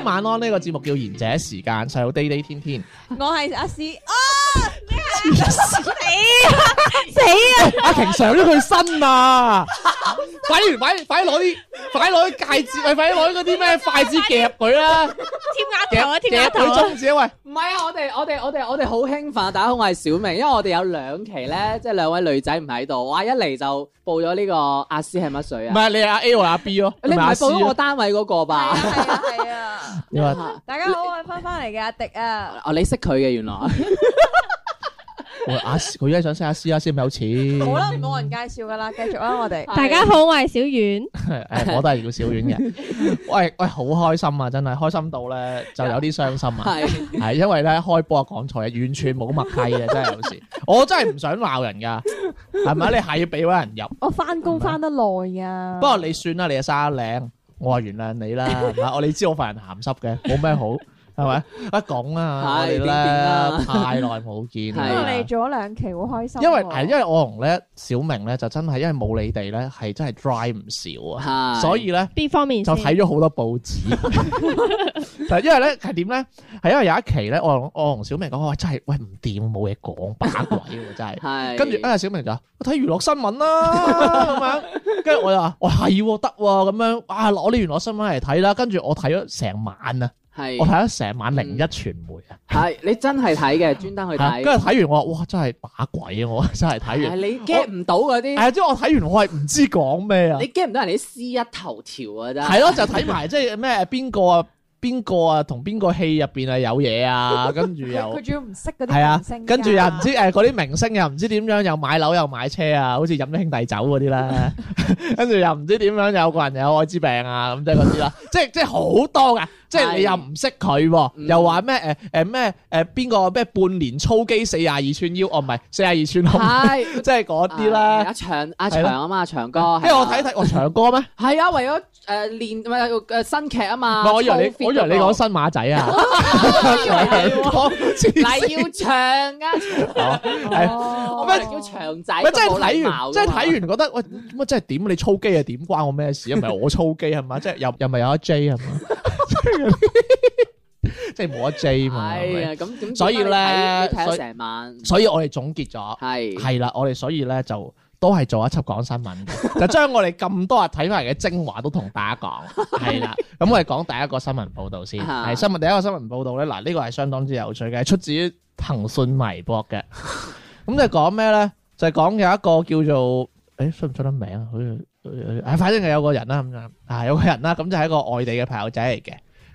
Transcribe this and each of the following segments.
晚安！呢個節目叫賢者時間，細佬 day 天天， 我係阿師。啊死啊死啊！阿瓊上咗佢身啊！快啲快啲快啲攞啲快啲攞啲戒指，快啲攞嗰啲咩筷子夾佢啦！添加頭，夾頭樽子喂！唔係啊，我哋我哋我哋我哋好興奮！大家好，我係小明，因為我哋有兩期咧，即係兩位女仔唔喺度，哇！一嚟就報咗呢個阿詩係乜水啊？唔係你係阿 A 或阿 B 咯？你唔係報咗個單位嗰個吧？係啊係啊！大家好，我翻翻嚟嘅阿迪啊！哦，你識佢嘅原來。阿佢而家想識下 Sir 啊，先有錢。好啦，冇人介紹噶啦，繼續啊，我哋大家好，我係小遠，係、 欸、我都係叫小遠嘅。 喂喂，好開心啊，真係開心到咧就有啲傷心啊，係係，因為咧開波啊講錯嘢啊，完全冇默契啊。真係有時 我真係唔想鬧人噶，係咪 你係要俾嗰人入？我翻工翻得耐啊，不過你算啦，你又生得靚，我原諒你啦。我你， 你知道我份人鹹濕嘅，冇咩好。係咪？一講啊，啊！我哋太耐冇見，係嚟做咗兩期好開心、啊。因為係，因為我同咧小明咧就真係因為冇你哋咧係真係 dry 唔少啊，是所以咧邊方面就睇咗好多報紙。 但係因為咧係點咧？係因為有一期咧，我我同小明講：，我、哎、真係喂唔掂，冇嘢講，把鬼真係。 是跟住啊，小明就話我睇娛樂新聞啦、啊，咁 樣。跟住我就話：，我係得咁樣啊，攞啲娛樂新聞嚟睇啦。跟住我睇咗成晚啊。我睇咗成晚零一傳媒啊！係你真係睇嘅，專登去睇。跟住睇完我話：，哇！真係把鬼啊！我真係睇完。你 get 唔到嗰啲？係即係我睇完，我係唔知講咩啊！你 get 唔到人哋啲 C 一頭條啊？真係係咯，就睇埋即係咩？邊個啊？邊個啊？同邊個戲入邊啊有嘢啊？跟住又佢主要唔識嗰啲明星。跟住又唔知誒，嗰啲明星又唔知點樣，又買樓又買車啊，好似飲咗兄弟酒嗰啲啦。跟住又唔知點樣，有個人有愛滋病啊，咁即係嗰啲啦，即係即係好多噶。即係你又唔識佢喎，又話咩誒誒咩誒邊個咩半年操機四廿二寸腰哦，唔係四廿二寸胸，即係嗰啲咧。阿長阿長啊嘛，長哥。因為我睇一睇，我長哥咩？係啊，為咗誒練唔係誒新劇啊嘛。我以為你，我以為你講新馬仔啊。係要長啊？咩叫長仔？即係睇完，即係睇完覺得喂，乜即係點？你操機啊點關我咩事啊？唔係我操機係嘛？即係又又咪有一 J 係嘛？即係冇得 jame 啊！咁咁，所以咧，睇睇咗成晚，所以我哋總結咗，係係啦，我哋所以咧就都係做一輯講新聞，就將我哋咁多日睇埋嘅精華都同大家講。係啦，咁我哋講第一個新聞報道先，係新聞第一個新聞報道咧，嗱，呢個係相當之有趣嘅，出自於騰訊微博嘅。咁就講咩咧？就講有一個叫做誒，出唔出得名啊？好似誒誒，反正係有個人啦咁樣啊，有個人啦，咁就係一個外地嘅朋友仔嚟嘅。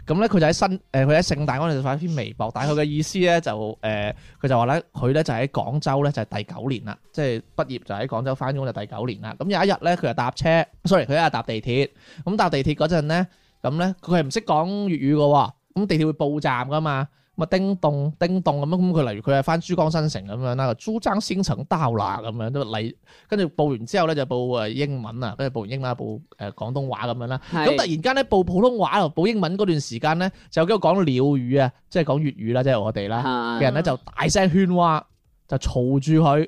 咁咧佢就喺新，誒佢喺聖誕嗰度發一篇微博，但係佢嘅意思咧就，誒、呃、佢就話咧佢咧就喺廣州咧就係、是、第九年啦，即係畢業就喺廣州翻工就是、第九年啦。咁、嗯、有一日咧佢就搭車，sorry 佢一日搭地鐵，咁、嗯、搭地鐵嗰陣咧，咁咧佢係唔識講粵語㗎喎、哦，咁、嗯、地鐵會報站噶嘛。咁叮咚叮咚咁樣，咁佢例如佢係翻珠江新城咁樣啦，珠江新城到啦咁樣都嚟，跟住報完之後咧就報誒英文啊，跟住報完英文報誒廣、呃、東話咁樣啦。咁是突然間咧報普通話又報英文嗰段時間咧，就有幾個講鳥語啊，即係講粵語啦，即係我哋啦嘅人咧就大聲喧譁，就嘈住佢。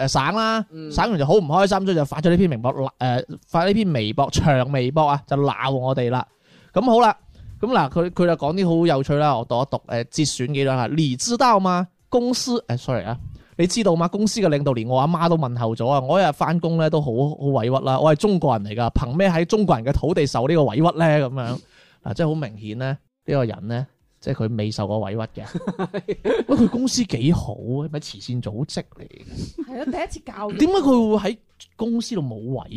誒省啦，省完就好唔開心，所以就發咗呢篇微博，誒發呢篇微博長微博啊，就鬧我哋啦。咁、嗯、好啦，咁嗱佢佢就講啲好有趣啦，我讀一讀誒、嗯、節選幾兩吓。你知道嗎公司？誒、哎、sorry 啊，你知道嗎公司嘅領導連我阿媽都問候咗啊！我一日翻工咧都好好委屈啦，我係中國人嚟㗎，憑咩喺中國人嘅土地受呢個委屈咧？咁樣啊，真係好明顯咧，呢、這個人咧。即係佢未受過委屈嘅，喂佢 公司幾好啊，咪慈善組織嚟？係咯，第一次教。點解佢會喺公司度冇委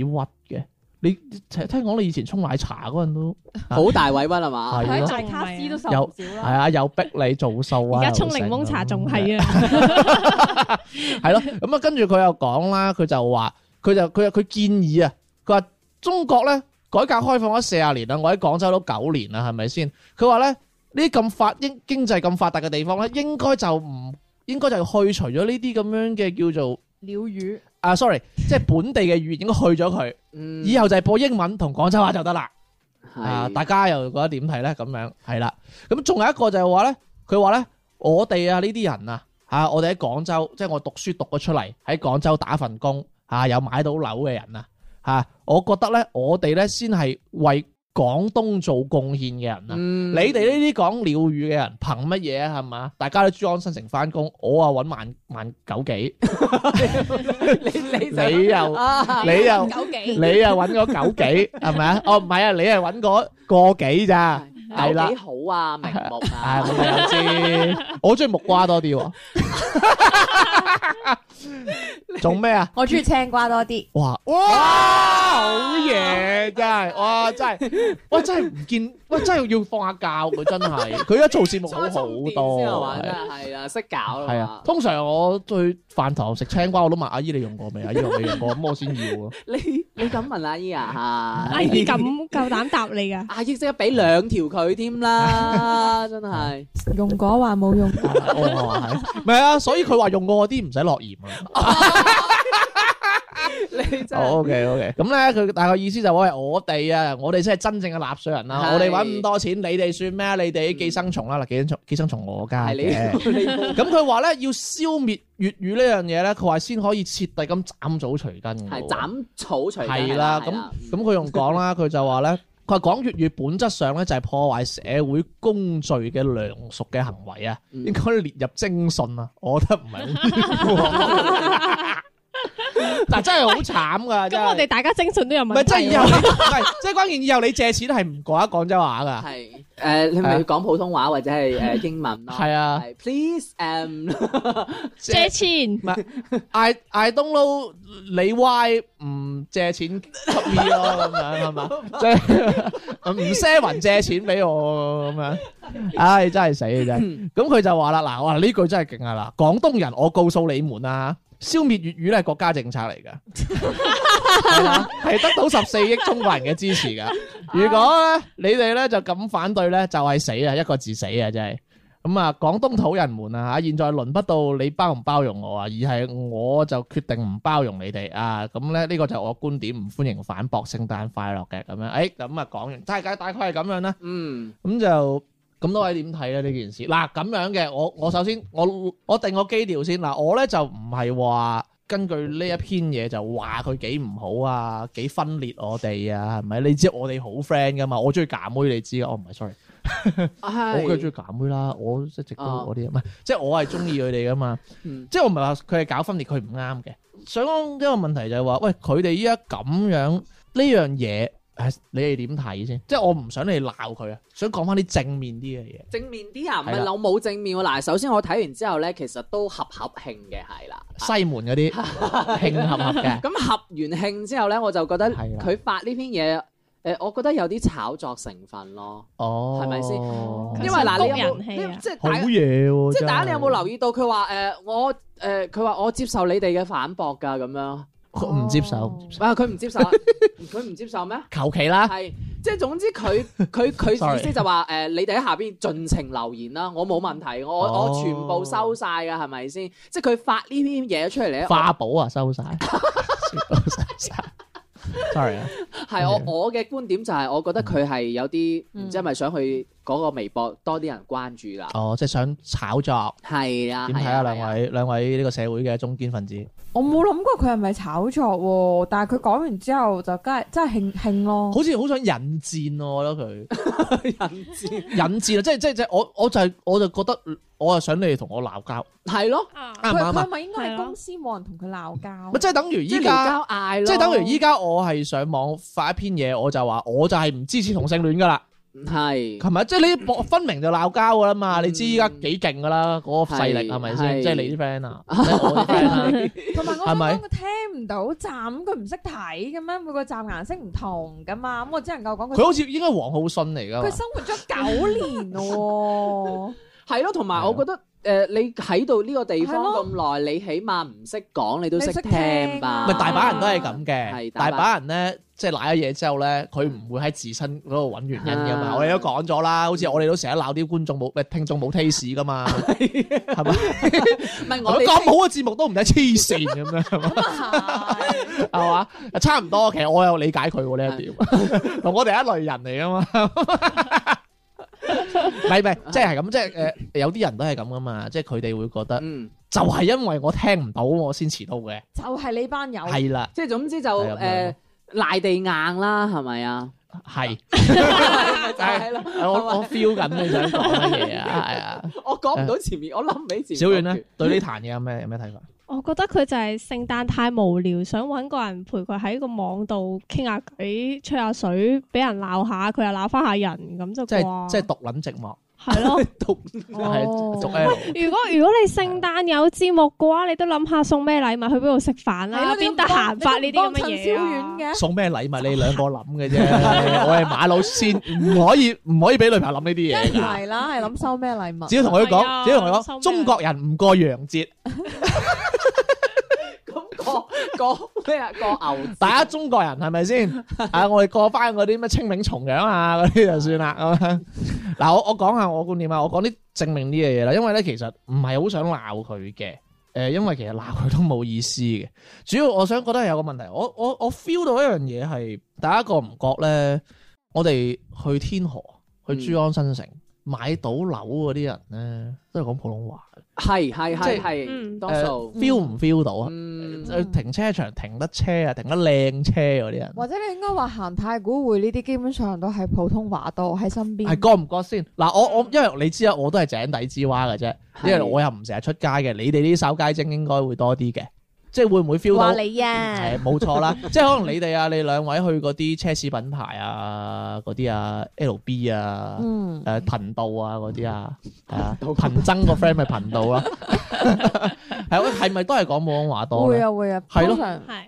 屈嘅？你聽講你以前沖奶茶嗰陣都好大委屈啊嘛，喺戴卡斯都受唔少係啊，有逼你做數啊。而家沖檸檬茶仲係啊，係 咯。 咁啊，跟住佢又講啦，佢就話佢就佢佢建議啊，佢話中國咧改革開放咗四十年啦，我喺廣州都九年啦，係咪先？佢話咧。呢啲咁發應經濟咁發達嘅地方咧，應該就唔應該就去除咗呢啲咁樣嘅叫做鳥語啊，sorry，即係本地嘅語言應該去咗佢，以後就係播英文同廣州話就得啦。啊，大家又覺得點睇咧？咁樣係啦，咁仲有一個就係話咧，佢話咧，我哋啊呢啲人啊，嚇我哋喺廣州，即係我讀書讀咗出嚟喺廣州打份工嚇，有買到樓嘅人啊嚇，我覺得咧，我哋咧先係為廣東做貢獻嘅人啊，你哋呢啲講鳥語嘅人憑乜嘢啊？係咪啊？大家都珠江新城翻工，我啊揾萬萬九幾，你你你又你又九幾，你又揾咗九幾係咪啊？哦唔係啊，你係揾個個幾咋？係啦，幾好啊，明目啊，我知，我中意木瓜多啲。做咩啊？我中意青瓜多啲。哇哇，好嘢真係，哇真係，哇真係唔見，哇真係要放下教佢真係，佢一做節目好好多係啊，識搞系啊，通常我最飯堂食青瓜，我都問阿姨你用過未？阿姨未用過，咁我先要。你你敢問阿姨啊？阿姨咁夠膽答你噶？阿姨即刻俾兩條佢添啦，真係用過話冇用過，唔係啊，所以佢話用過嗰啲唔使落鹽。就 OK OK，咁咧佢大概意思就話係我哋啊，我哋先係真正嘅納稅人啦，是我哋搵咁多錢，你哋算咩啊？你哋寄生蟲啦，嗱、嗯、寄生蟲寄生蟲我家嘅，咁佢話咧要消滅粵語呢樣嘢咧，佢話先可以徹底咁斬草除根嘅，斬草除根係啦，咁咁佢用講啦，佢就話咧。佢講粵語，本質上咧就係破壞社會公序嘅良俗嘅行為啊，應該列入徵信啊，我覺得唔係 嗱 真係好慘噶，咁我哋大家精神都有問題。 即係以後，係 即係關鍵。以後你借錢係唔講廣州話噶，係誒，uh, 啊、你講普通話或者係誒英文咯。係啊，Please，嗯、um, 借錢唔係 ，I I don't know，你 why 唔借， 借錢給 me 咯？咁樣係嘛？即係唔 share 雲借錢俾我咁樣，唉、哎，真係死嘅啫。咁佢 就話啦，嗱哇，呢句真係勁啊！嗱，廣東人，我告訴你們啊。消滅粵語咧係國家政策嚟噶，係 得到十四億中國人嘅支持噶。 如果咧呢 你哋咧就咁反對咧，就係、是、死啊，一個字死啊，真係。咁、嗯、啊，廣東土人們啊，吓，現在輪不到你包唔包容我啊，而係我就決定唔包容你哋啊。咁咧呢個就係我觀點，唔歡迎反駁。聖誕快樂嘅咁樣，誒，咁啊講完，大概大概係咁樣啦。嗯，咁就。咁多位點睇咧呢件事？嗱，咁樣嘅，我我首先我我定個基調先嗱，我咧就唔係話根據呢一篇嘢就話佢幾唔好啊，幾分裂我哋啊，係咪？你知我哋好 friend 噶嘛？我中意揀妹你知嘅，哦唔係，sorry，我梗係中意揀妹啦，我一直都嗰啲啊，唔係即係我係中意佢哋噶嘛，即係我唔係話佢係搞分裂，佢唔啱嘅。想講一個問題就係話，喂佢哋依家咁樣呢樣嘢。你哋點睇先？即係我唔想你鬧佢啊，想講返啲正面啲嘅嘢。正面啲啊？唔係的我冇正面喎。嗱，首先我睇完之後咧，其實都合合慶嘅，係啦。西門嗰啲 慶合合嘅。咁 合完慶之後咧，我就覺得佢發呢篇嘢，誒，我覺得有啲炒作成分咯。的吧哦，係咪先？因為嗱、啊，你有冇即係好嘢喎！即係大家你、啊、的有冇留意到佢話誒？我誒佢話我接受你哋嘅反駁㗎咁樣。唔接受，唔係佢唔接受，佢唔接受咩？求其啦，係即係總之佢佢佢意思就話誒、 呃，你哋喺下邊盡情留言啦，我冇問題，我、哦、我全部收晒㗎係咪先？即係佢發呢啲嘢出嚟咧，花寶啊，收晒，收晒，sorry 啊。係我我嘅觀點就係我覺得佢係有啲唔知係咪想去嗰個微博多啲人關注啦。哦，即係想炒作。係啊。點睇啊，兩位兩位呢個社會嘅中堅分子。我冇諗過佢係咪炒作喎，但係佢講完之後就梗係真係興興咯。好似好想引戰喎，我覺得佢引戰引戰啊！即係即係即係我我就係我就覺得我就想你同我鬧交。係咯。啱唔啱啊？佢佢係咪應該係公司冇人同佢鬧交。咪即係等於依家，即係等於依家我係上網。發一篇嘢我就話我就係唔支持同性戀噶啦，係是，係咪？即係你分明就鬧交噶啦嘛？嗯、你知依家幾勁噶啦？嗰、嗰個勢力係咪先？即係你啲 friend 啊，同埋我想講佢聽唔到站，佢唔識睇咁樣，每個站顏色唔同噶嘛，咁我只能夠講佢好似應該黃浩信嚟噶，佢生活咗九年喎。 係咯，同埋我覺得誒了、呃，你喺度呢個地方咁耐，了你起碼唔識講，你都識聽吧？唔係大把人都係咁嘅，係大把人咧的，即係賴咗嘢之後咧，佢唔會喺自身嗰度揾原因嘅嘛。的我哋都講咗啦，好似我哋都成日鬧啲觀眾冇，唔係聽眾冇 taste 噶嘛，係嘛的？唔係吧 我咁好嘅節目都唔使黐線咁樣，係嘛？係嘛？差唔多，其實我有理解佢呢一點，同我哋係一類人嚟噶嘛。 唔係唔係，即係咁，即係誒，有啲人都係咁噶嘛，即係佢哋會覺得，嗯，就係因為我聽唔到我先遲到嘅，就係你班友係啦，即係總之就誒賴地硬啦，係咪啊？係，就係咯，我我 feel 緊你想講嘅嘢啊，係啊，我講唔到前面，我諗唔起前面，小遠咧，對呢壇嘢有咩有咩睇法？我覺得佢就係聖誕太無聊，想揾個人陪佢喺個網度傾下偈、吹下水，俾人鬧下佢又鬧翻下人，咁就啩。即係獨撚寂寞。係咯，獨。喂。如果如果你聖誕有節目嘅話，你都諗下送咩禮物去邊度食飯啦？邊得閒發呢啲咁嘅嘢啊？送咩禮物？你兩個諗嘅啫。我係馬佬先，唔可以唔可以俾女朋友諗呢啲嘢㗎。係啦，係諗收咩禮物。只要同佢講，只要同佢講，中國人唔過洋節。過咩啊？過牛，大家 中國人係咪先？是是 啊，我哋過翻嗰啲咩清明、啊、重陽啊嗰啲就算啦。咁嗱，我我講下我觀點啊，我講啲證明呢樣嘢啦。因為咧，其實唔係好想鬧佢嘅，誒、呃，因為其實鬧佢都冇意思嘅。主要我想覺得係有個問題，我我我 feel 到一樣嘢，係大家覺唔覺咧，我哋去天河去珠江新城。嗯買到樓嗰啲人咧，都係講普通話嘅。係係係多數 feel 唔 feel 到啊？誒、嗯呃，停車場停得車啊，停得靚車嗰啲人。或者你應該話行太古匯呢啲，基本上都係普通話多喺身邊。係覺唔覺先？嗱、啊，我我因為你知啊，我都係井底之蛙㗎啫，因為我又唔成日出街嘅。你哋呢啲走街精應該會多啲嘅。即係會唔會 feel 到？你啊，係冇錯啦。即係可能你哋啊，你兩位去嗰啲奢侈品牌啊，嗰啲啊，LB 啊，嗯，誒，頻道啊，嗰啲啊，係啊，貧憎個 friend 咪頻道啊。係，係咪都係講廣東話多？會啊會啊，係咯，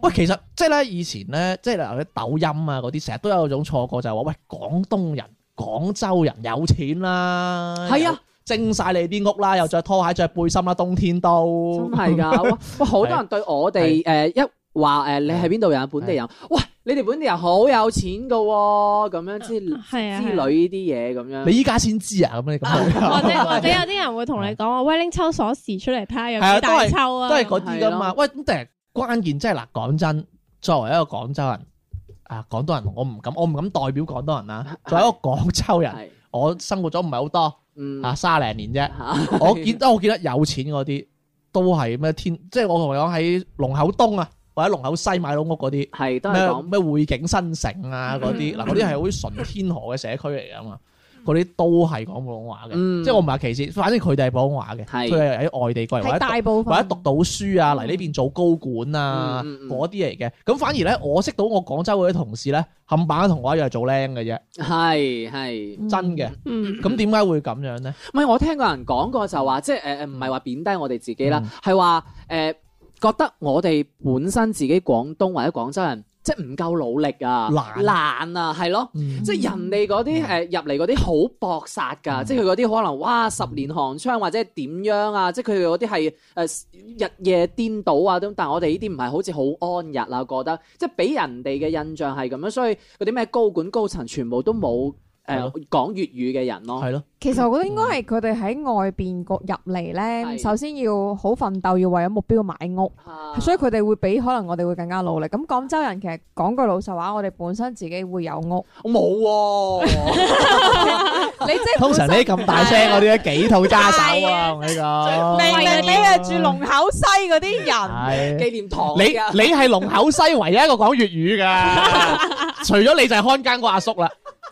喂，其實即係咧，以前咧，即係嗱，啲抖音啊，嗰啲成日都有種錯覺，就係話喂，廣東人、廣州人有錢啦，係啊。蒸晒你啲屋啦，又着拖鞋着背心啦，冬天都真係噶。哇，好多人對我哋誒一話誒，你係邊度人？本地人，哇，你哋本地人好有錢噶，咁樣之之類呢啲嘢咁樣。你依家先知啊？咁你或者或者有啲人會同你講，我威拎抽鎖匙出嚟睇下有幾大抽啊？都係嗰啲噶嘛。喂，咁第日關鍵即係嗱，講真，作為一個廣州人啊，廣東人我唔敢，我唔敢代表廣東人啦。作為一個廣州人，我生活咗唔係好多。嗯，啊，三零年啫，我記得我記得有錢嗰啲都係咩天，即係我同你講喺龍口東啊，或者龍口西買到屋嗰啲，係都係咩匯景新城啊嗰啲，嗱嗰啲係好似純天河嘅社區嚟噶嘛。嗰啲都係講普通話嘅，嗯、即係我唔係歧視，反正佢哋係普通話嘅，佢係喺外地過嚟，大部分或者讀到書啊嚟呢、嗯、邊做高管啊嗰啲嚟嘅。咁、嗯嗯、反而咧，我識到我廣州嗰啲同事咧，冚唪唥同我一樣係做僆嘅啫。係係真嘅的。咁點解會咁樣咧？唔係我聽過人講過就話，即係誒誒，唔係話貶低我哋自己啦，係話誒覺得我哋本身自己廣東或者廣州人。嗯嗯嗯嗯嗯嗯嗯即係唔夠努力啊，懶啊，係、啊、咯，嗯、即係人哋嗰啲誒入嚟嗰啲好搏殺㗎，嗯、即係佢嗰啲可能哇十年寒窗或者點樣啊，即係佢嗰啲係誒日夜顛倒啊，咁，但係我哋呢啲唔係好似好安逸啊，覺得即係俾人哋嘅印象係咁樣，所以嗰啲咩高管高層全部都冇。係啊，講粵語嘅人咯，係咯。其實我覺得應該係佢哋喺外邊國入嚟咧，首先要好奮鬥，要為咗目標買屋。係，所以佢哋會比可能我哋會更加努力。咁廣州人其實講句老實話，我哋本身自己會有屋，我冇。你即係通常你咁大聲，我啲幾套揸手啊！我同你講，明明你係住龍口西嗰啲人，紀念堂，你你係龍口西唯一一個講粵語噶，除咗你就係看更個阿叔啦。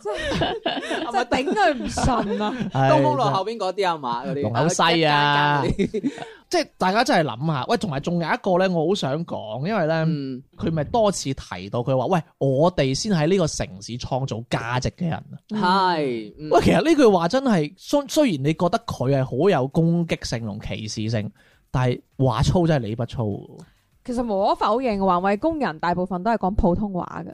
真係頂佢唔順啊！ 東風路後邊嗰啲啊嘛，嗰啲龍口西啊， 即係大家真係諗下，喂，同埋仲有一個咧，我好想講，因為咧，佢咪、嗯、多次提到佢話，喂，我哋先喺呢個城市創造價值嘅人啊，係、嗯、喂，其實呢句話真係雖雖然你覺得佢係好有攻擊性同歧視性，但係話粗真係理不粗。其實無可否認，環衛工人大部分都係講普通話嘅。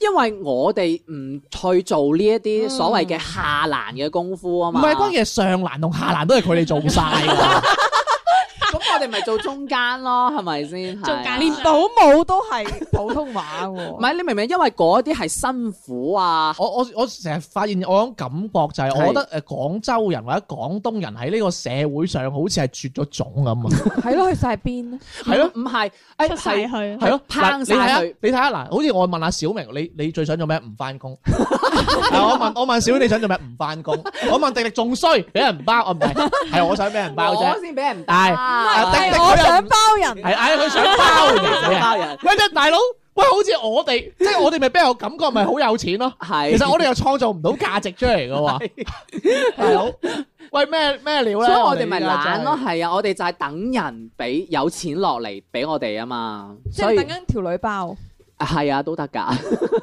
因為我哋唔去做呢一啲所謂嘅下欄嘅功夫啊嘛、嗯，唔係關鍵，上欄同下欄都係佢哋做晒。 咁我哋咪做中間咯，係咪先？中間連保姆都係普通話喎。唔係，你明唔明？因為嗰啲係辛苦啊！我我我成日發現我嘅感覺就係，我覺得誒廣州人或者廣東人喺呢個社會上好似係絕咗種咁啊！係咯，去曬邊咧？係咯，唔係一齊去，係咯，拋曬去。你睇下嗱，好似我問阿小明，你你最想做咩？唔翻工。嗱，我問我問小明，你想做咩？唔翻工。我問定迪仲衰，俾人包我唔係，係我想俾人包啫。我先俾人帶。係我想包人，係唉，佢想包人，包人。喂，大佬，喂，好似我哋，即係我哋，咪俾人感覺咪好有錢咯。係，其實我哋又創造唔到價值出嚟嘅。係，大佬，喂，咩咩料咧？所以我哋咪懶咯。係啊，我哋就係等人俾有錢落嚟俾我哋啊嘛。即係等緊條女包。係啊，都得噶，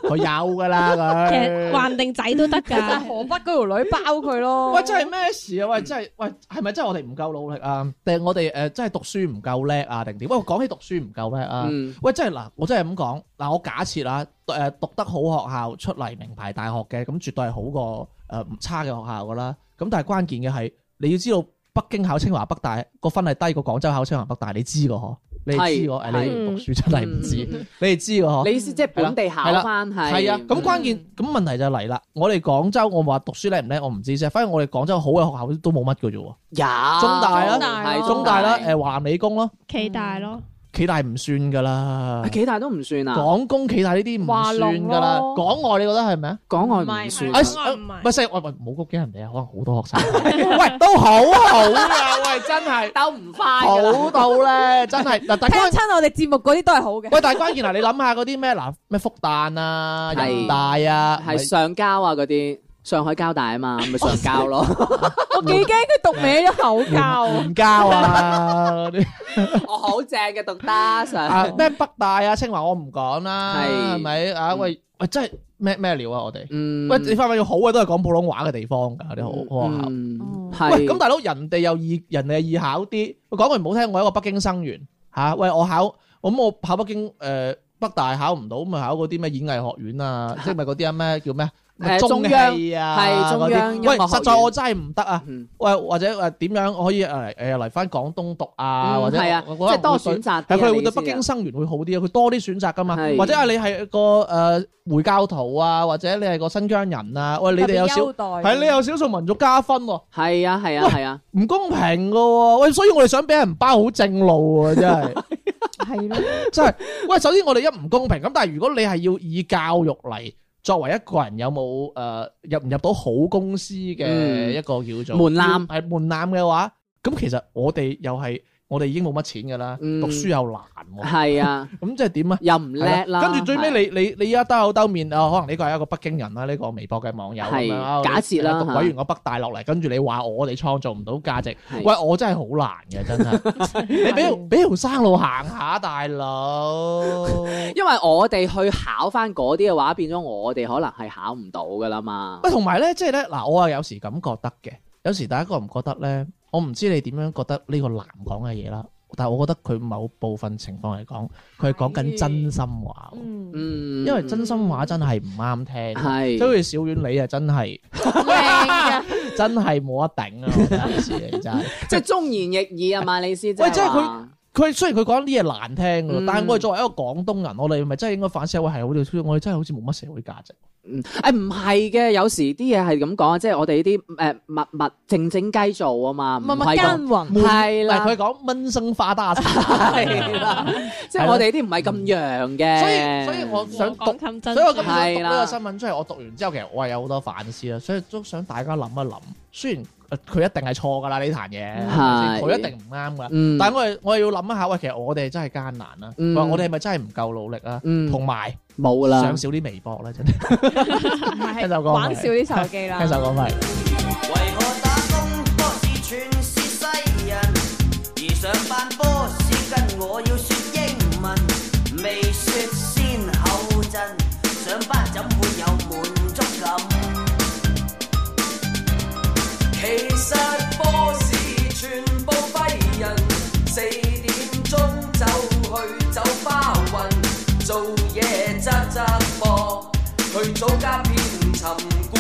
佢 有噶啦佢，橫 定仔都得噶， 河北嗰條女包佢咯。喂，真係咩事啊？喂，真係，喂，係咪真係我哋唔夠努力啊？定係我哋誒、呃，真係讀書唔夠叻啊？定點？喂，講起讀書唔夠叻啊？嗯、喂，真係嗱，我真係咁講嗱，我假設啦，誒、呃，讀得好學校出嚟名牌大學嘅，咁絕對係好過誒唔、呃、差嘅學校噶啦。咁但係關鍵嘅係，你要知道。北京考清華北大個分係低過廣州考清華北大，你知個嗬？你知我誒？你讀書真係唔知，你哋知個嗬？你意思即係本地考翻係，係啊！咁關鍵，咁問題就嚟啦。我哋廣州，我話讀書叻唔叻，我唔知啫。反而我哋廣州好嘅學校都冇乜嘅啫。有中大啦，係中大啦，誒，華南理工咯，暨大咯。暨大唔算噶啦，暨大都唔算啊。港工暨大呢啲唔算噶啦，港外你覺得係咪啊？港外唔算。唔係，唔係，唔係，唔係，唔好激驚人哋啊！可能好多學生，喂，都好好啊，喂，真係鬥唔快，好到咧，真係嗱。聽親我哋節目嗰啲都係好嘅。喂，但係關鍵係你諗下嗰啲咩嗱，咩復旦啊、人大啊、係上交啊嗰啲。上海交大啊嘛，咪 上交咯。 我幾驚佢讀歪咗口交。唔 交啊！ 我好正嘅讀大學。咩、啊、北大啊，清華我唔講啦，係咪是啊？喂、嗯、喂，真係咩咩料啊？我哋，嗯，喂，你翻緊要好嘅都係講普通話嘅地方噶你好學校。喂，咁大佬人哋又易人哋易考啲。講句唔好聽，我一個北京生源，吓、啊、喂，我考咁我，我，我考北京誒、呃、北大考唔到，咁咪考嗰啲咩演藝學院啊，即係咪嗰啲啊咩叫咩？叫中央啊，係中央。喂，實在我真係唔得啊。喂，或者誒點樣可以誒誒嚟翻廣東讀啊？係啊，即係多選擇。但係佢會對北京生源會好啲啊？佢多啲選擇噶嘛？或者啊，你係個誒回教徒啊，或者你係個新疆人啊？喂，你哋有優待？係你有少數民族加分？係啊係啊係啊，唔公平噶。喂，所以我哋想俾人包好正路啊，真係。係咯，真係。喂，首先我哋一唔公平咁，但係如果你係要以教育嚟。作為一個人有冇誒、呃、入唔入到好公司嘅一個叫做、嗯、門檻？係門檻嘅話，噉其實我哋又係。我哋已經冇乜錢噶啦，讀書又難，係啊，咁即係點啊？又唔叻啦，跟住最尾，你你你依家，兜口兜面啊，可能呢個係一個北京人啦，呢個微博嘅網友咁假設啦，讀鬼完我北大落嚟，跟住你話我哋創造唔到價值，喂，我真係好難嘅，真係，你俾俾條生路行下大佬，因為我哋去考返嗰啲嘅話，變咗我哋可能係考唔到噶啦嘛。喂，同埋咧，即係咧，嗱，我啊有時咁覺得嘅，有時大家覺唔覺得咧？我唔知你點樣覺得呢個難講嘅嘢啦，但係我覺得佢某部分情況嚟講，佢係講緊真心話。嗯，因為真心話真係唔啱聽，即係好似小婉你啊，真係，真係冇得頂啊！李思啊，真係即係忠言逆耳啊，馬李思真係。佢雖然佢講啲嘢難聽，但係我哋作為一個廣東人，我哋咪真係應該反社會，係好哋，我哋真係好似冇乜社會價值。嗯，誒唔係嘅，有時啲嘢係咁講啊，即係我哋啲誒默默靜靜雞做啊嘛，唔係奸橫，係、啊、啦。佢講蚊生花打曬，即係我哋啲唔係咁樣嘅。所以所以我想講，所以我今日讀呢個新聞，即係我讀完之後，其實我係有好多反思啦。所以都想大家諗一諗，雖然。佢一定係錯㗎啦，呢彈嘢，佢一定唔啱噶。嗯、但係我哋我又要諗一下，喂，其實我哋真係艱難啦。嗯、我哋係咪真係唔夠努力啊？同埋冇啦，上有少啲微博啦，真係。聽首歌，就係，玩少啲手機啦。 聽首歌係，就係。為何打其實波士全部廢人，四點鐘走去走花運，做嘢執執貨，去祖家偏尋。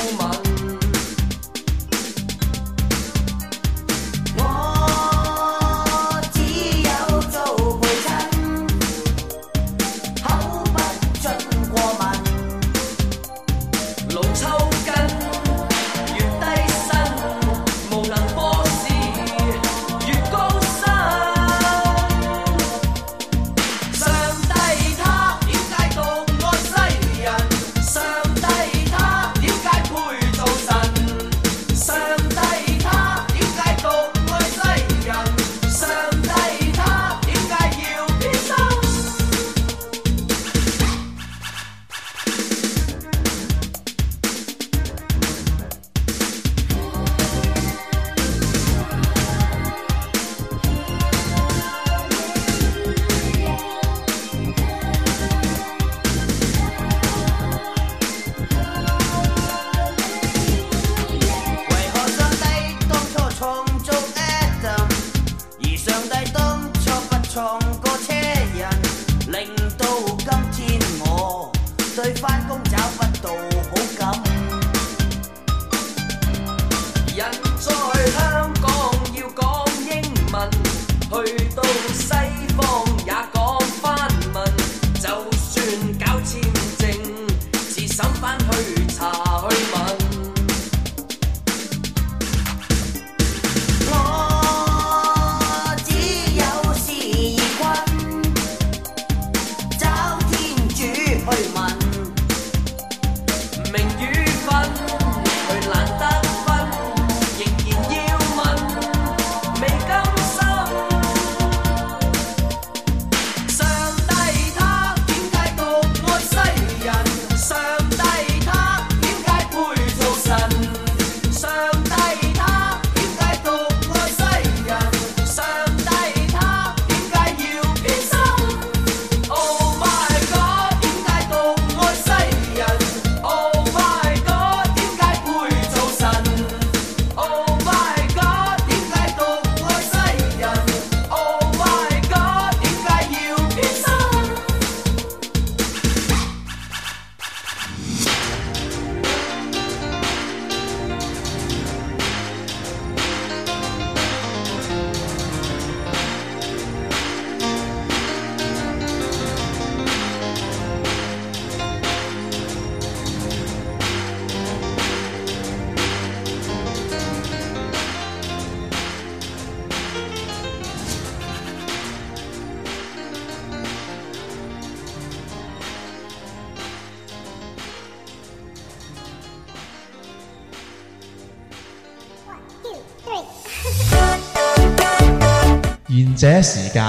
這時間，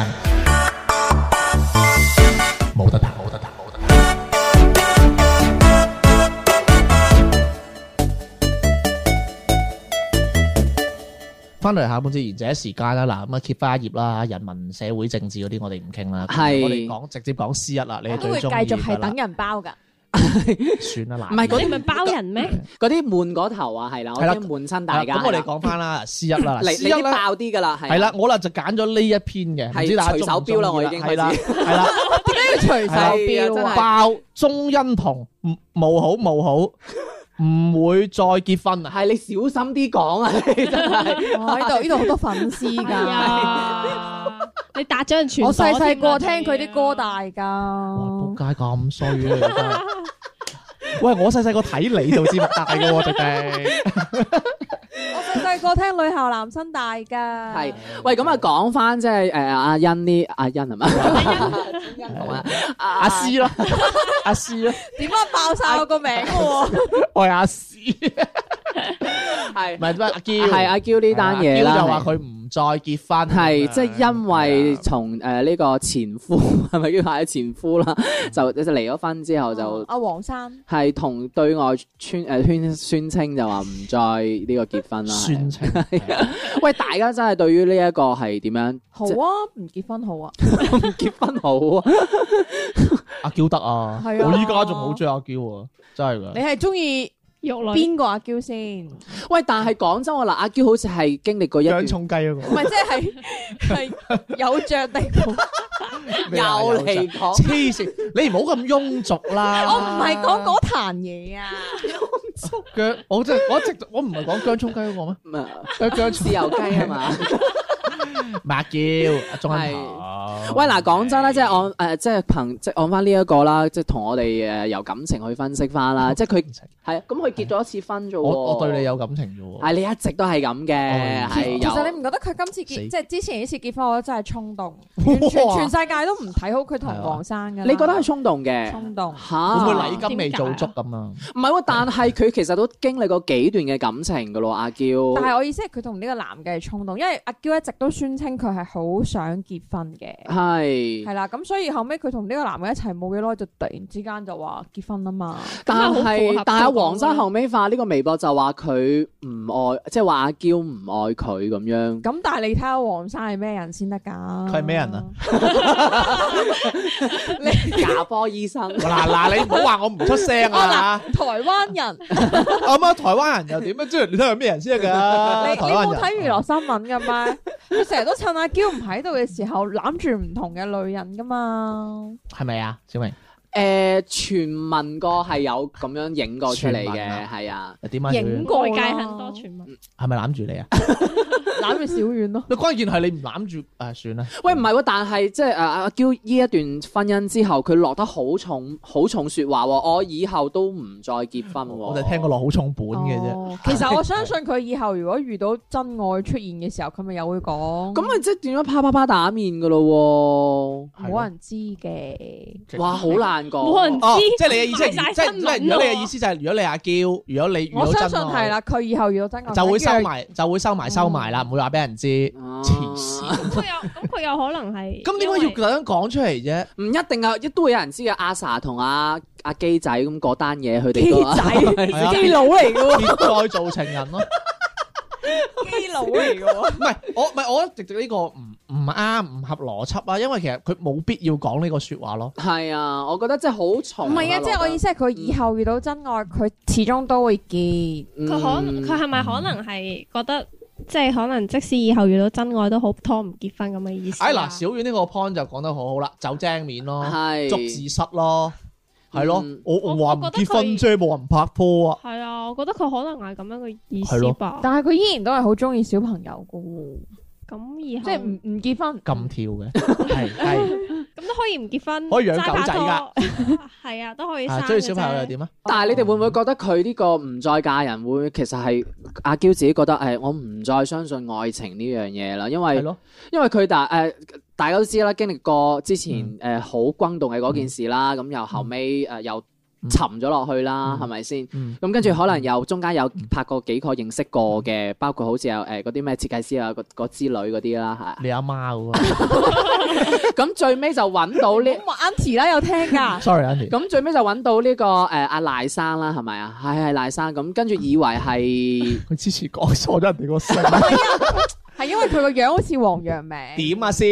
冇得彈，冇得彈，冇得彈。翻嚟下半節，賢者時間啦，嗱，咁啊揭翻一頁啦，人民、社會、政治嗰啲我哋唔傾啦，我哋講直接講 C 一啦，你都會繼續係等人包㗎。 算啦，嗱，唔係嗰啲咪包人咩？嗰啲悶嗰頭啊，係啦，我啲悶親大家。咁我哋講翻啦，C 一啦，C 一爆啲噶啦，係啦，我啦就揀咗呢一篇嘅，唔知但係手表啦，我已經係啦，係啦，呢個 手表真係爆中。鍾欣潼冇好冇好，唔 會再結婚。係，你小心啲講啊！你真係我喺度呢度好多粉絲噶。 哎你打咗人，傳我細細個聽佢啲歌大噶，仆街咁衰啊！喂，我細細個睇你就知唔得嘅喎，弟我細細個聽女校男生大噶。係，喂，咁啊講返即係誒阿欣啲，阿欣係嘛？阿欣，阿欣阿詩囉，阿詩囉。點解爆晒我個名喎？我係阿詩。係，唔係、 啊啊、阿嬌，係阿嬌呢單嘢啦，啊、就話佢唔再結婚，係即係因為從誒呢個前夫，係 咪叫阿前夫啦？就就離咗婚之後就阿黃生係同對外、呃、宣誒宣宣稱就話唔再呢個結婚啦。宣稱，係啊，喂，大家真係對於呢一個係點樣？ 好啊，唔結婚好啊，唔結婚好啊，阿嬌得啊，係啊，我依家仲好中意阿嬌啊，真係噶，你係中意。邊個阿嬌先？喂，但係講真我嗱，阿嬌好似係經歷過一薑葱雞嗰個，唔係即係係有著地，又嚟講黐線，你唔好咁庸俗啦！我唔係講嗰壇嘢啊，庸俗嘅，我真係我一直我唔係講薑葱雞嗰個咩？唔係薑葱豉油雞係嘛？馬嬌阿鍾欣潼，喂嗱，講真啦，即係按誒，即係憑即係按翻呢一個啦，即係同我哋誒由感情去分析翻啦，即係佢係咁。佢結咗一次婚啫喎，我我對你有感情啫喎，係你一直都係咁嘅，係。其實你唔覺得佢今次結，即係之前呢次結婚，我覺得真係衝動。全世界都唔睇好佢同黃生㗎。你覺得係衝動嘅？衝動嚇。會唔會禮金未做足咁啊？唔係喎，但係佢其實都經歷過幾段嘅感情㗎囉，阿嬌。但係我意思係佢同呢個男嘅係衝動，因為阿嬌一直都宣稱佢係好想結婚嘅。係。係啦，咁所以後尾佢同呢個男嘅一齊冇幾耐，就突然之間就話結婚吖嘛。但係，但係黃生。後尾發呢個微博就話佢唔愛，即係話阿嬌唔愛佢咁樣。咁但係你睇下黃生係咩人先得噶？佢係咩人啊？你假波醫生嗱嗱， 你唔好話我唔出聲啊！嗱，台灣人咁啊，台灣人、， 啊、人又點啊？知係你睇下咩人先得噶？你你冇睇娛樂新聞噶咩？佢成日都趁阿嬌唔喺度嘅時候攬住唔同嘅女人噶嘛？係咪啊，小明？誒、呃、傳聞過係有咁樣影過出嚟嘅，係啊，影過，啊、界很多傳聞，係咪攬住你啊？ 攬住小遠咯，關鍵係你唔攬住，誒，算啦。喂，唔係喎，但係即係誒阿嬌依一段婚姻之後，佢落得好重好重說話，我以後都唔再結婚喎。我就聽過落好重本嘅啫。其實我相信佢以後如果遇到真愛出現嘅時候，佢咪又會講。咁咪即係斷咗啪啪啪打面噶咯。冇人知嘅。哇，好難講。冇人知，即係你嘅意思，即係如果你嘅意思就係，如果你阿嬌，如果你我相信係啦，佢以後遇到真愛，就會收埋，就會收埋收埋啦。話俾人知，黐線、啊。佢有，咁佢有可能係。咁點解要咁樣講出嚟啫？唔一定啊，亦都會有人知嘅。阿 Sa 同阿阿基仔咁嗰單嘢，佢哋。基仔， 基佬嚟嘅喎，再 做情人咯、啊。 基佬嚟嘅喎。唔係，我唔係，我覺得直直呢個唔唔啱，唔合邏輯啊。因為其實佢冇必要講呢個說話咯。係啊，我覺得真係好蠢。唔係啊，吵即係我意思係，佢以後遇到真愛，佢始終都會見。佢可，能，佢係咪可能係覺得？即係可能，即使以後遇到真愛都好，拖唔結婚咁嘅意思、啊。哎嗱，小婉呢個 point 就講得好好啦，走精面咯，捉字蝨咯，係咯、嗯嗯，我我話唔結婚即係冇人拍拖啊。係啊，我覺得佢可能係咁樣嘅意思吧。啊、但係佢依然都係好中意小朋友噶喎。咁以後即係唔唔結婚咁跳嘅，係係。 咁都可以唔結婚，可以養狗仔噶，係 啊，都、啊、可以生。啊，鍾意小朋友又點啊？啊但係你哋會唔會覺得佢呢個唔再嫁人，會，會其實係阿嬌自己覺得，誒、哎，我唔再相信愛情呢樣嘢啦，因為咯因為佢大誒，大家都知啦，經歷過之前誒好轟動嘅嗰件事啦，咁又後尾。誒又。沉咗落去啦，係咪先？咁跟住可能有，中間有拍過幾個認識過嘅，包括好似有誒嗰啲咩設計師啊嗰嗰之類嗰啲啦，係。你阿媽喎。咁最尾就揾到呢。Auntie 啦，有聽㗎。Sorry，Auntie。咁最尾就揾到呢個誒阿賴生啦，係咪啊？係係賴生。咁跟住以為係。佢之前講錯咗人哋個姓。係因為佢個樣好似王陽明。點啊先？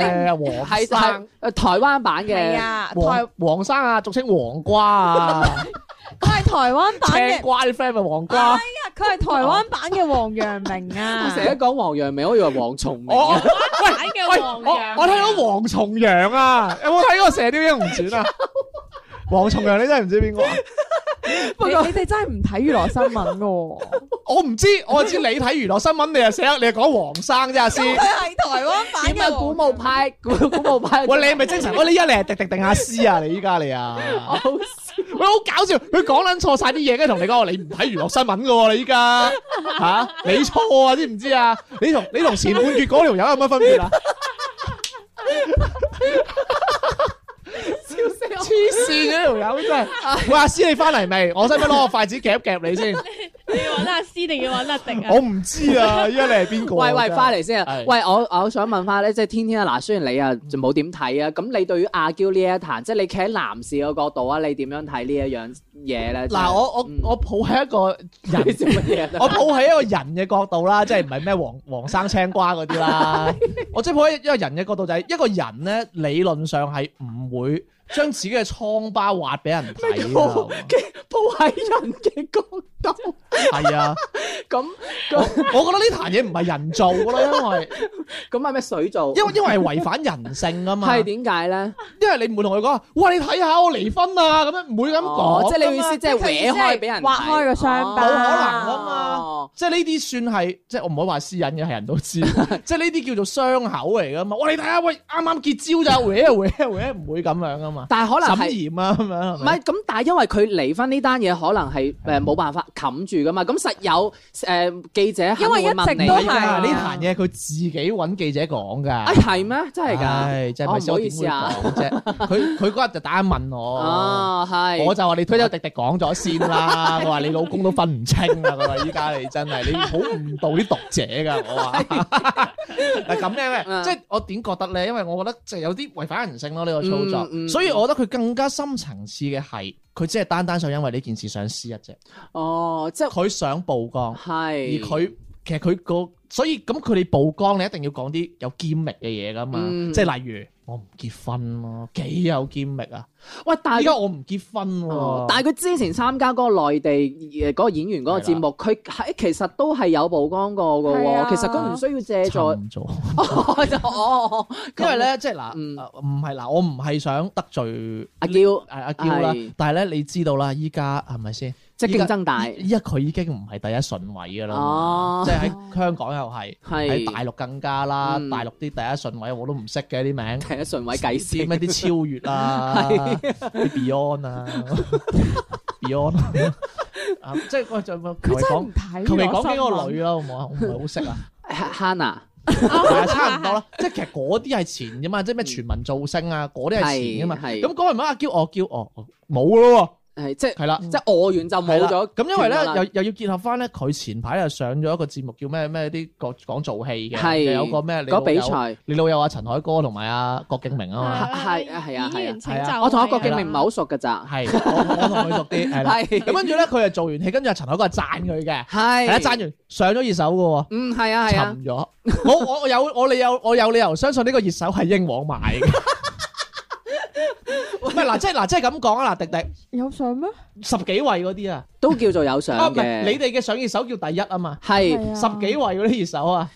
你唔係黃生？誒，台灣版嘅係啊，台黃生啊，俗稱黃瓜啊。佢係台灣版嘅。瓜 friend 咪黃瓜？佢係台灣版嘅王陽明啊！我成日都講王陽明，我以為黃重明。版嘅王陽，我睇到黃重陽啊！有冇睇過《射雕英雄傳》啊？黃重陽，你真係唔知邊個？不過你哋真係唔睇娛樂新聞噶？ 我唔知，我知你睇娛樂新聞，你又寫，你又講黃生啫阿師。你係台灣版嘅樣古墓派，古 古墓派,古墓派。喂，你係咪精神？喂，你一嚟係迪迪定阿師啊？你依家嚟啊？好，喂，好搞笑。佢講緊錯晒啲嘢，跟住同你講，你唔睇娛樂新聞噶？你依家吓？你錯啊？知唔知啊？你同你同前半月嗰條友有乜分別啊？ 黐線嘅呢條友真係，喂，阿師你翻嚟未？我使唔使攞個筷子夾夾你先？你要揾阿師定要揾阿定？啊？我唔知啊，依家你係邊個？喂喂，翻嚟先啊！喂，我我想問翻咧，即係天天啊，嗱，雖然你啊就冇點睇啊，咁你對於阿嬌呢一壇，即係你企喺男士嘅角度啊，你點樣睇呢一樣嘢咧？嗱，我我我抱喺一個人，我抱喺一個人嘅角度啦，即係唔係咩黃黃生青瓜嗰啲啦？我即係抱喺一個人嘅角度，就係一個人咧，理論上係唔會。將自己嘅瘡疤挖俾人睇，嘅鋪喺人嘅角度，係 啊。咁，我覺得呢壇嘢唔係人做噶啦，因為咁係咩水做？因為因為係違反人性噶嘛。係點解咧？因為你唔會同佢講，喂！你睇下我離婚啊，咁樣唔會咁講。即係你意思即係搣開俾人，挖開個傷口，冇可能啊嘛。即係呢啲算係，即係我唔可以話私隱嘅，係人都知。即係呢啲叫做傷口嚟噶嘛。哇！你睇下，喂，啱啱結焦就搣搣搣搣，唔會咁樣噶嘛。但係可能係謠啊，咁樣係咪？唔係咁，但係因為佢離婚呢單嘢，可能係誒冇辦法冚住噶嘛。咁實有。誒記者，因為一直都係呢壇嘢，佢自己揾記者講噶。啊，係咩？真係㗎？真就係唔係我點會講啫？佢佢嗰日就打一問我。哦，係。我就話你推咗迪迪講咗先啦。佢話你老公都分唔清啊！我話依家你真係你好誤導啲讀者㗎。我話係咁嘅咩？即係我點覺得咧？因為我覺得即係有啲違反人性咯呢個操作。所以，我覺得佢更加深層次嘅係。佢只係單單想，因為呢件事想撕一隻，哦，即係佢想曝光，係是而佢其實佢個。所以咁佢哋曝光，你一定要講啲有堅力嘅嘢噶嘛？即係例如我唔結婚咯，幾有堅力啊！喂，但係而家我唔結婚喎。但係佢之前參加嗰個內地誒嗰個演員嗰個節目，佢喺其實都係有曝光過噶喎。其實佢唔需要借助，因為咧即係嗱，唔係嗱，我唔係想得罪阿嬌，係阿嬌啦。但係咧，你知道啦，依家係咪先？即係競爭大，依家佢已經唔係第一順位㗎喇。哦，即係喺香港又係，喺大陸更加啦。大陸啲第一順位我都唔識嘅啲名，第一順位繼師咩啲超越啦，啲 Beyond 啊，Beyond 啊，即係我再講，求其講俾幾個女啦，好唔好啊？我唔係好識啊。Hannah，係差唔多啦。即係其實嗰啲係前啫嘛，即係咩全民造星啊，嗰啲係前㗎嘛。咁講完冇阿嬌我叫，哦，冇咯。係即係啦，即係餓完就冇咗。咁因為咧，又又要結合翻咧，佢前排又上咗一個節目，叫咩咩啲講講做戲嘅，係有個咩？個比賽，你老友阿陳凱歌同埋阿郭敬明啊嘛，係啊係啊，係啊。我同阿郭敬明唔係好熟㗎咋，係我我同佢熟啲係啦。咁跟住咧，佢又做完戲，跟住阿陳凱歌係讚佢嘅，係讚完上咗熱搜噶。嗯，係啊係沉咗。我我有我哋有我有理由相信呢個熱搜係英皇買嘅。唔係嗱，即係嗱，即係咁講啊！嗱，迪迪有相咩？十幾位嗰啲啊，都叫做有相嘅。你哋嘅上熱搜叫第一啊嘛，係十幾位嗰啲熱搜啊，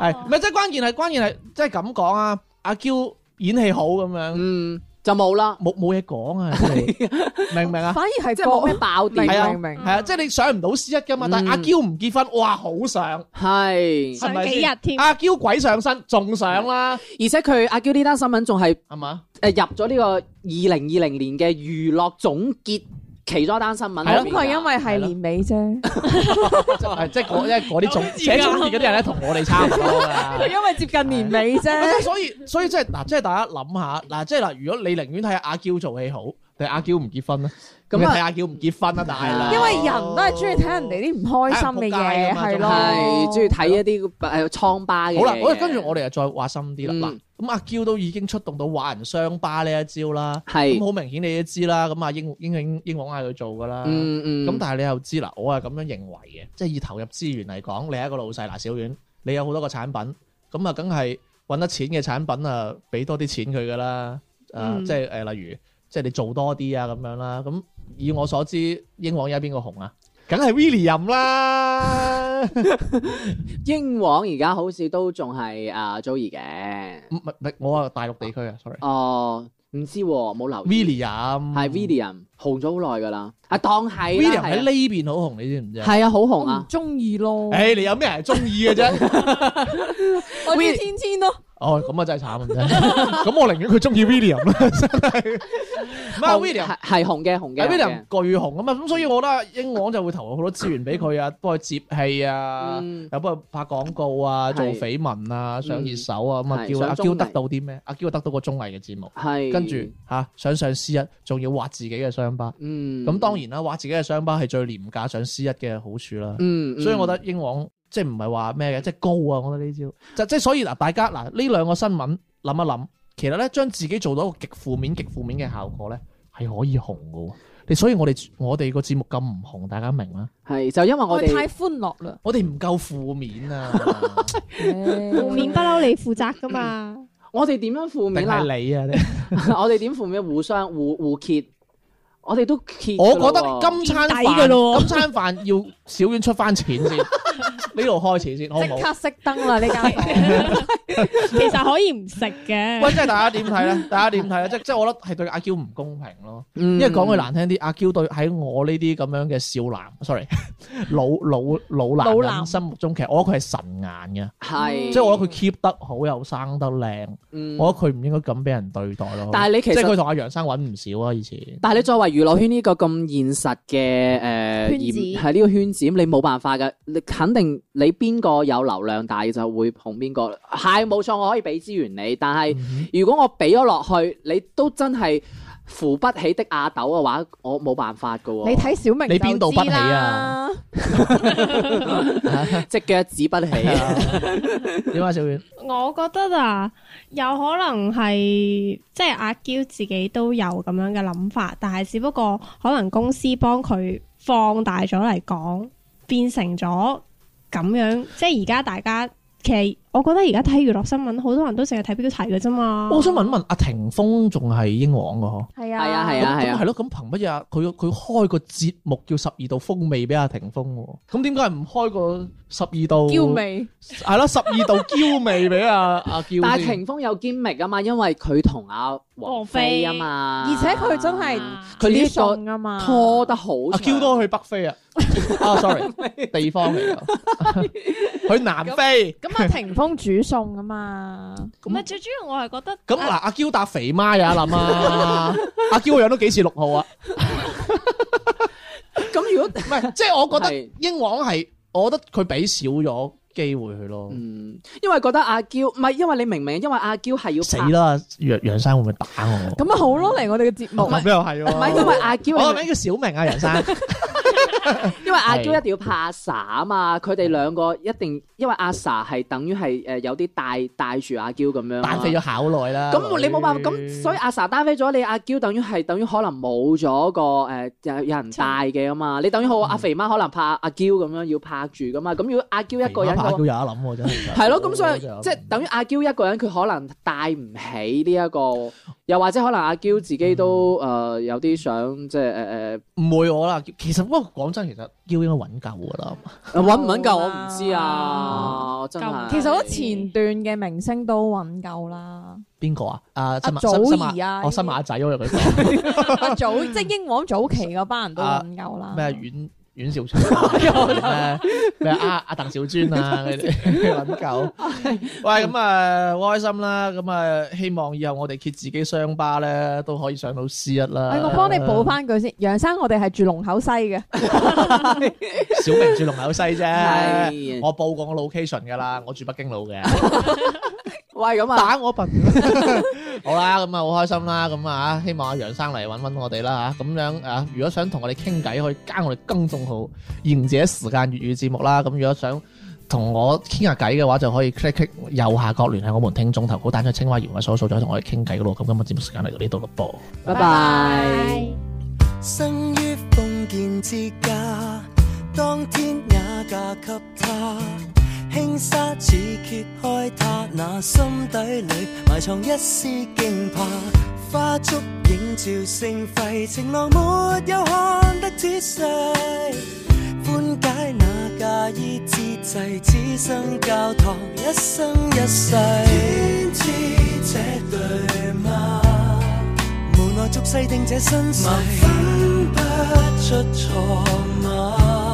係唔係？即係關鍵係關鍵係，即係咁講啊！阿嬌演戲好咁樣，嗯。就冇啦，冇冇嘢講啊！ 明唔 明白明白啊？反而係即係冇咩爆點。明唔明？係啊，啊即係你上唔到 C 一噶嘛？嗯、但係阿嬌唔結婚，哇，好想！係是上幾日添？阿嬌鬼上身，仲想啦！係係而且佢阿嬌呢單新聞仲係係嘛？誒入咗呢個二零二零年嘅娛樂總結。其中一單新聞係咯，佢係因為係年尾啫。係即係嗰即係嗰啲中意啲人咧，同我哋差唔多啦。因為接近年尾啫。所以所以即係嗱，即係大家諗下嗱，即係嗱，如果你寧願睇阿嬌做戲好。但阿嬌唔結婚啦，咁啊，睇阿嬌唔結婚啦，但係因為人都係中意睇人哋啲唔開心嘅嘢。係咯，中意睇一啲誒，瘡疤嘅嘢。好啦，跟住我哋又再話深啲啦。咁阿嬌都已經出動到話人傷疤呢一招啦，咁好明顯你都知啦。咁阿英英英英皇嗌佢做噶啦，咁但係你又知啦，我係咁樣認為嘅，即係以投入資源嚟講，你係一個老細嗱，小丸，你有好多個產品，咁啊，梗係揾得錢嘅產品啊，俾多啲錢佢噶啦，誒，即係誒，例如。即係你做多啲啊咁樣啦，咁以我所知，英皇而家邊個紅啊？梗係 William 啦！ 英皇而家好似都仲係阿祖兒嘅。唔、uh, 係我係大陸地區啊，sorry。哦，唔知喎、啊，冇留意。William 係 William 紅咗好耐㗎啦。啊，當係 William 喺呢邊好紅，你知唔知？係啊，好紅啊，中意咯。誒、哎，你有咩人中意嘅啫？ 我天天咯、啊。哦，咁啊真係慘啊！咁我寧願佢中意 William 啦，真係。唔係 William 係紅嘅，紅嘅 William 巨紅啊嘛！咁所以我覺得英皇就會投入好多資源俾佢啊，幫佢接戲啊，又幫佢拍廣告啊，做緋聞啊，上熱搜啊，咁啊叫阿嬌得到啲咩？阿嬌得到個綜藝嘅節目，係跟住吓上上 C 一，仲要挖自己嘅傷疤。嗯，咁當然啦，挖自己嘅傷疤係最廉價上 C 一嘅好處啦。嗯， 所以我覺得英皇。是即係唔係話咩嘅，即係高啊！我覺得呢招就即係，所以嗱，大家嗱呢兩個新聞諗一諗，其實咧將自己做到一個極負面、極負面嘅效果咧，係可以紅噶。你所以我哋我哋個節目咁唔紅，大家明啦。係就因為我哋太歡樂啦，我哋唔夠負面啊！ 負面不嬲你負責噶嘛？ 我哋點樣負面啦？定係你啊？ 我哋點負面？互相互互，互，互揭。我哋都，keep 我覺得今餐飯今餐飯要小婉出翻錢先，呢度開始先，即刻熄燈啦呢間。其實可以唔食嘅。喂，即係大家點睇咧？大家點睇咧？即即係我覺得係對阿嬌唔公平咯。因為講句難聽啲，阿嬌對喺我呢啲咁樣嘅少男，sorry，老老老男人心目中，其實我覺得佢係神眼嘅，即係我覺得佢 keep 得好又生得靚，我覺得佢唔應該咁俾人對待咯。但係你其實，即係佢同阿楊生揾唔少啊，以前。但係你作為娛樂圈呢個咁現實嘅誒、呃、圈子，係呢個圈子你冇辦法嘅，你肯定你邊個有流量大就會捧邊個，係冇錯，我可以俾資源你，但係如果我俾咗落去，你都真係。扶不起的阿斗嘅話，我冇辦法噶。你睇小明，你邊度不起啊？ 即腳趾不起啊？點 啊，小遠？我覺得啊，有可能係即係阿嬌自己都有咁樣嘅諗法，但係只不過可能公司幫佢放大咗嚟講，變成咗咁樣。即係而家大家其我覺得而家睇娛樂新聞，好多人都成日睇標題嘅啫嘛。我想問問阿霆鋒仲係英皇嘅嗬？係啊，係啊，係啊。咁係咯，咁憑乜嘢？佢佢開個節目叫《十二道風味》俾阿霆鋒喎。咁點解唔開個《十二道嬌味》？係啦，《十二道嬌味》俾阿阿嬌。但係霆鋒有 gimmick 啊嘛，因為佢同阿王菲啊嘛。而且佢真係佢啲信拖得好。阿嬌多去北非啊？啊，sorry，地方嚟啊，去南非。咁阿霆鋒。幫煮餸啊嘛，唔係最主要，我係覺得咁嗱，阿嬌打肥媽有得諗啊，阿嬌養到幾時六號啊？咁如果唔係，即係我覺得英皇係，我覺得佢俾少咗機會佢咯，嗯，因為覺得阿嬌唔係，因為你明唔明？因為阿嬌係要死啦，楊楊生會唔會打我？咁啊好咯，嚟我哋嘅節目，咁又係，唔係因為阿嬌，我個名叫小明啊，楊生。 因為阿嬌一定要拍阿 sa 啊嘛，佢哋兩個一定，因為阿 sa 係等於係誒有啲帶帶住阿嬌咁樣，單飛咗好耐啦、啊。咁你冇辦法，咁兒所以阿 sa 單飛咗，阿嬌嗯、你於阿嬌等於係等於可能冇咗個誒有人帶嘅嘛。你等於好阿肥媽可能拍阿嬌咁樣要拍住噶嘛。咁如果阿嬌一個人，阿嬌有得諗真係，係咯、 嗯。咁 所以即係等於阿嬌一個人，佢可能帶唔起呢、這、一個，又或者可能阿嬌自己都誒、嗯呃、有啲想即係誒誒，唔、呃、會我啦。其實不過講。真係其實要應該揾夠噶啦，揾唔揾夠我唔知啊。其實我前段嘅明星都揾夠啦。邊個啊？阿祖兒啊，我新馬仔，我以為佢。早即係英皇早期嗰班人都揾夠啦。咩？阮？阮小春，咩阿阿鄧小娟啊，你哋諗夠。 哎、喂，咁啊開心啦，咁啊希望以後我哋揭自己傷疤咧，都可以上到 C 一啦，哎。我幫你補翻句 楊先，楊生我哋係住龍口西嘅。 小明住龍口西啫。 的我報過 location 噶啦，我住北京路嘅。 喂，咁啊，打我笨！ 好啦，咁啊，好開心啦，咁啊，希望阿楊生嚟揾揾我哋啦吓，咁樣誒、啊，如果想同我哋傾偈，可以加我哋公眾號賢者時間粵語節目啦。咁如果想同我傾下偈嘅話，就可以 click, click 右下角聯繫我們聽眾投稿，打出青蛙素素、鹽、或掃一掃，再同我哋傾偈咯。咁今日節目時間嚟到呢度咯，噃！拜拜。輕紗似揭開他那心底裏埋藏一絲驚怕，花燭映照星輝，情郎沒有看得仔細，寬解那嫁衣之際，此生教堂一生一世。天知這對嗎？無奈俗世定這身世，分不出錯嗎？